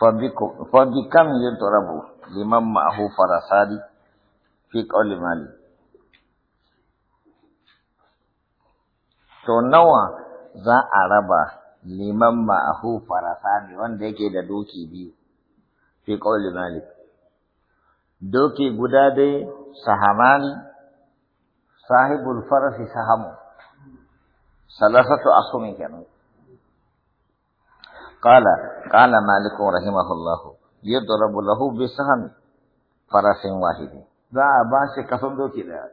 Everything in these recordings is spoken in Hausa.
فبكم يضرب لمن معه فرسان في قول مالك to nawa za a raba liman ma'ahu farasani wanda yake da doki biyu fi qawli malik doki guda dai sahamani sahibul farasi sahamu salasatu asumi kenan قال قال مالك رحمه الله يضرب له بسهم فرس واحد بابا a ba shi kasan doki daya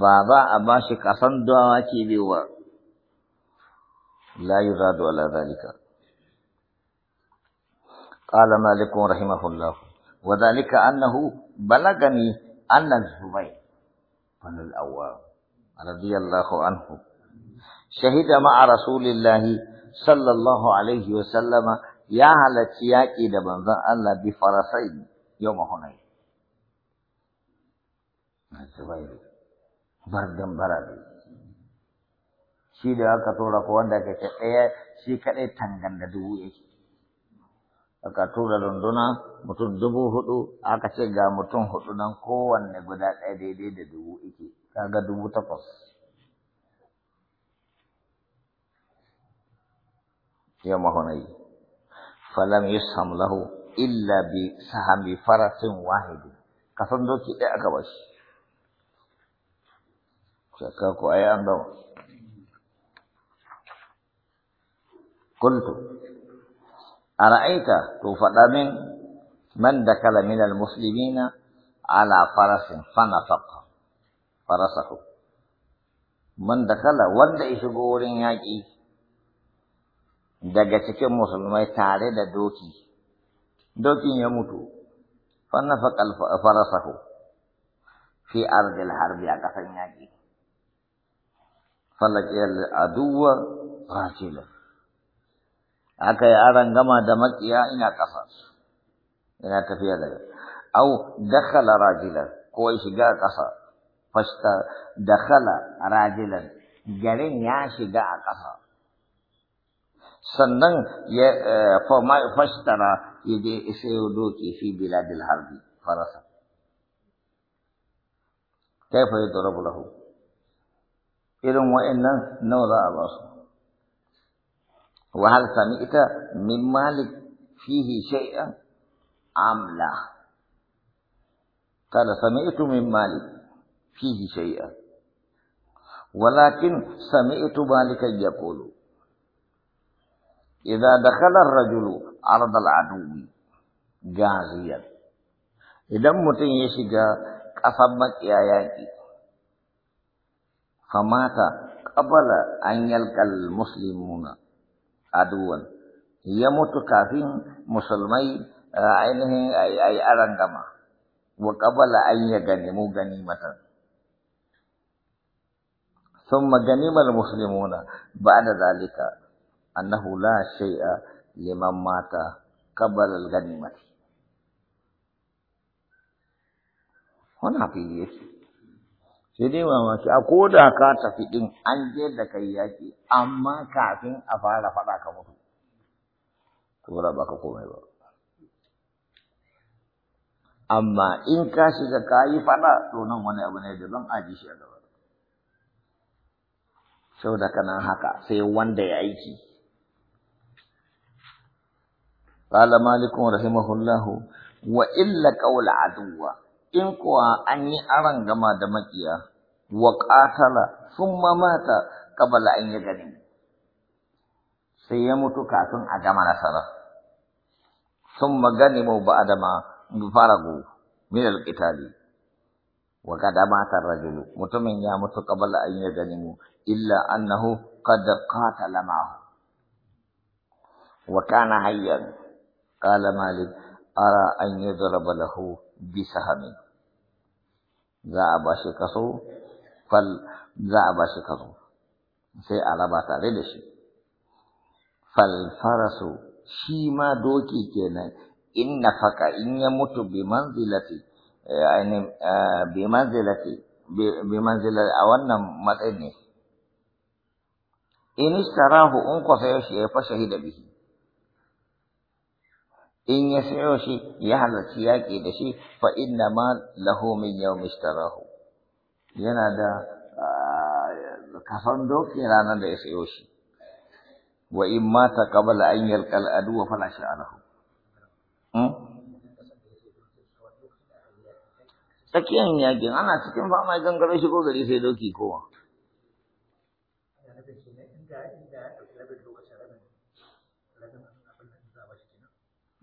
ba za a ba shi kasan dawaki قال مالك رحمه الله وذلك أنه بلغني أن الزبير بن الأواب رضي الله عنه شهد مع رسول الله sallallahu alaihi wa sallama ya halarci yaƙi da manzon Allah bi farasai yau mahunai. dan bara da Shi da aka tura ko wanda ke ce ɗaya shi kaɗai tangan da dubu yake. Aka tura runduna mutum dubu hudu aka ce ga mutum hudu nan kowanne guda ɗaya daidai da dubu yake, kaga dubu takwas. يوم هنين فلم يسهم له إلا بسهم فرس واحد قصد إيه أكبش شكاكو أي أنظر قلت أرأيت توفد من من دخل من المسلمين على فرس فنفق فرسه من دخل وند يشغورين يجي daga cikin musulmai tare da doki dokin ya mutu fa fannafaqa farasahu fi ardil harbi a kasan yaƙi falaqiyal aduwa qatila aka yi aran gama da makiya ina ƙasa ina tafiya daga au dakhala rajilan ko shiga kasa fasta dakhala rajilan garin ya shiga a kasa sannan ya fashtara ya je isayo doki fi biladil harbi farasa kaifa yudrabu lahu irin wa'annan nawa za a ba su wa hal ita min malik fihi shay'an am la qala sami'tu min malik fihi shay'an ولكن سمعت مالكا يقول إذا دخل الرجل أرض العدو جازيا إذا متن يشجع قصبك يا ياكي فمات قبل أن يلقى المسلمون عدوا يموت كافين مسلمي عينه أي أي أرندما وقبل أن يغنموا غنيمة ثم غنم المسلمون بعد ذلك la shay'a liman mata مات al-ghanimah هنا في يسوع sai dai mamaki a akoda ka tafi din an je da kai yaki amma kafin a fara faɗa ka mutu to ba baka komai ba amma in ka shiga ka yi faɗa to nan wani abu ne daban aji shi a gaba saboda kana haka sai wanda ya aiki قال مالك رحمه الله وإلا قول عدو إن كوا أني أرن كما دمكيا وقاتل ثم مات قبل أن يغنم سيموت كاتن أجمع نصره ثم غنموا بعد ما فرغوا من القتال وقد مات الرجل متمن يموت قبل أن يغنموا إلا أنه قد قاتل معه وكان حيا قال مالك أرى أن يضرب له بسهم ذعب شكته فل ذعب شكته سي على باتا ريدش فالفرس شيما دوكي كينا إن نفك إن يموت بمنزلتي يعني آه، بمنزلتي بمنزلة أولنا مدني إن استراه أنقف يشيء فشهد به in ya siyo shi ya halarci yaƙi da shi fa inna ma lahu min yawm ishtarahu yana da ah, kafan doki ranar da ya siyo shi wa in mata qabala an yalqal wa fala sha'alahu hmm? tsakiyan yakin ana cikin fama shi ko gari sai doki kowa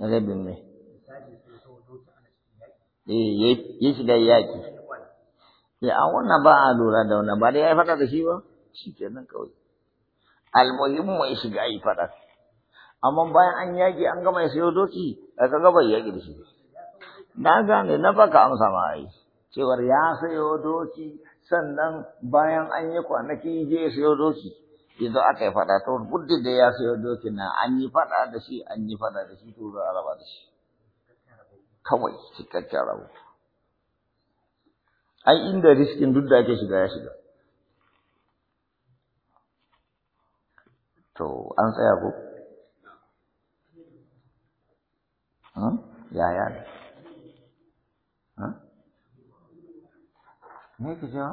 rabin mai. eh ya shiga yaki ya a wannan ba a lura da wannan ba dai ya faɗa da shi ba shi kenan kawai almuhimmu ya shiga yi faɗa amma bayan an yaki an gama ya sayo doki a kaga bai yaki da shi na gane na baka amsa ma yi. cewar ya sayo doki sannan bayan an yi kwanaki je ya sayo doki idan aka yi faɗa to buddin da ya sayo dokin nan an yi faɗa da shi an yi faɗa da shi to za a raba da shi kawai cikakken rabo ai inda riskin duk da ake shiga ya shiga to an tsaya ko ya ne me kake wa?